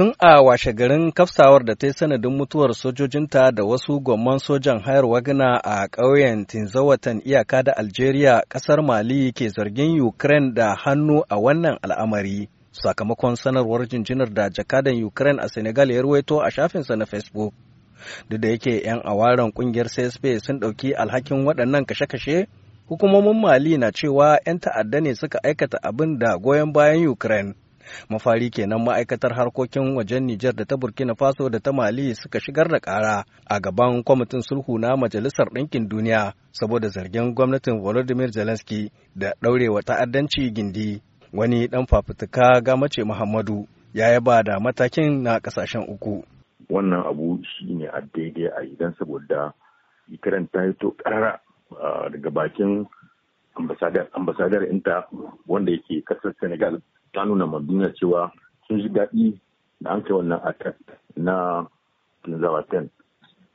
Tun a washe garin kafsawar da ta yi sanadin mutuwar sojojinta da wasu gomman sojan hayar wagana a ƙauyen Tinzawatan iyaka da Algeria, ƙasar Mali ke zargin Ukraine da hannu a wannan al'amari. Sakamakon sanarwar jinjinar da jakadan Ukraine a Senegal ya ruwaito a shafinsa na Facebook. Duk da yake 'yan awaren ƙungiyar CSP sun ɗauki alhakin waɗannan kashe-kashe, hukumomin Mali na cewa 'yan ta'adda ne suka aikata abin da goyon bayan Ukraine. mafari kenan ma'aikatar harkokin wajen Nijar da ta Burkina Faso da ta Mali suka shigar da kara a gaban kwamitin sulhu na Majalisar Ɗinkin Duniya saboda zargin gwamnatin Volodymyr Zelensky da ɗaurewa ta'addanci gindi. Wani ɗan fafutuka ga mace Muhammadu ya yaba da matakin na ƙasashen uku. Wannan abu shi ne a daidai a idan saboda Ukraine ta yi to ƙarara daga bakin ambasadar inta wanda yake ƙasar Senegal ta nuna ma cewa sun ji daɗi da an kai wannan attack na 10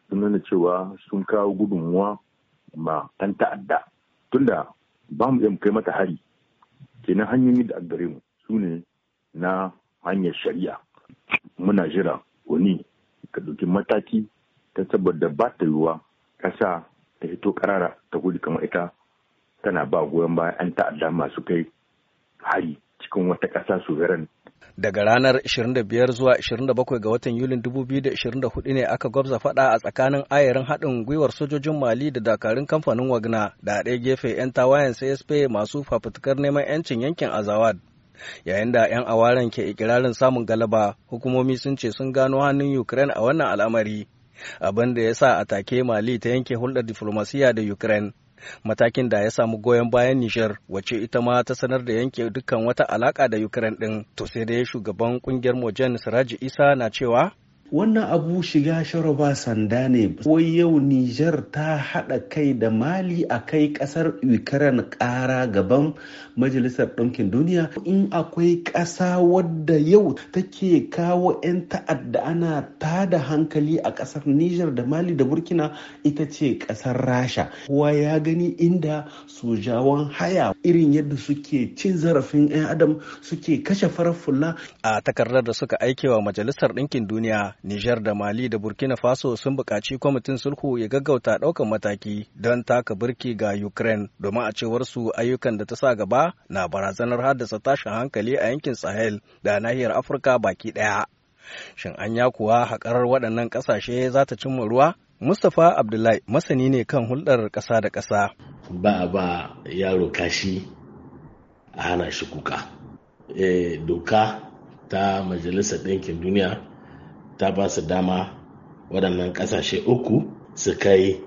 sun nuna cewa sun kawo gudunmuwa ma ɗan ta'adda tunda ba mu iya kai mata hari kenan hanyoyi da gare mu su ne na hanyar shari'a muna jira wani ka ɗauki mataki ta saboda ba ta yiwuwa ƙasa ta hito ƙarara ta gudu kamar ita tana ba goyon bayan an ta'adda masu kai hari cikin wata ƙasa Daga ranar 25 zuwa 27 ga watan Yulin 2024 ne aka gwabza fada a tsakanin ayarin haɗin gwiwar sojojin Mali da dakarun kamfanin Wagna da ɗaya gefe 'yan tawayen CSP masu fafutukar neman 'yancin yankin Azawad. Yayin da 'yan awaren ke ikirarin samun galaba, hukumomi sun ce sun gano hannun Ukraine a wannan al'amari, abin da ya sa a take Mali ta yanke hulɗar diflomasiya da Ukraine. matakin da ya samu goyon bayan Nijar wace ita ma ta sanar da yanke dukkan wata alaka da Ukraine din to sai dai shugaban kungiyar Mojen Siraji Isa na cewa Wannan abu shiga sharo sanda ne. Wai yau Nijar ta haɗa kai da Mali a kai ƙasar Ukraine ƙara gaban Majalisar Ɗinkin Duniya. In akwai ƙasa wadda yau take kawo 'yan ta'adda ana tada hankali a ƙasar Nijar da Mali da Burkina ita ce ƙasar Rasha. Kowa ya gani inda sojawan haya irin yadda suke cin zarafin 'yan adam suke kashe farar fulla. A takardar da suka aikewa Majalisar Ɗinkin Duniya Nijar da Mali da Burkina Faso sun buƙaci kwamitin sulhu ya gaggauta ɗaukan mataki don taka birki ga Ukraine domin a cewar su ayyukan da ta sa gaba na barazanar haddasa tashin hankali a yankin Sahel da nahiyar Afirka baki ɗaya. Shin anya kuwa haƙarar waɗannan ƙasashe za ta cimma ruwa? Mustapha Abdullahi masani ne kan hulɗar ƙasa da ƙasa. Ba ba yaro kashi a hana shi kuka. E, doka ta Majalisar Ɗinkin Duniya ta ba su dama waɗannan ƙasashe uku su kai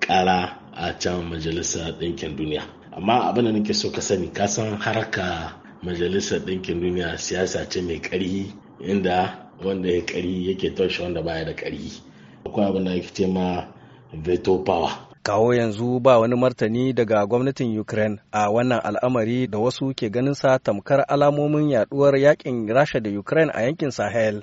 ƙara a can majalisar ɗinkin duniya amma abin da nake so ka sani ka san harka majalisar ɗinkin duniya siyasa ce mai ƙarhi inda wanda ya ƙarhi yake taushe wanda baya da ƙarhi akwai abin da ake ce ma veto power kawo yanzu ba wani martani daga gwamnatin ukraine a wannan al'amari da wasu ke ganin sa tamkar alamomin yaduwar yakin rasha da ukraine a yankin sahel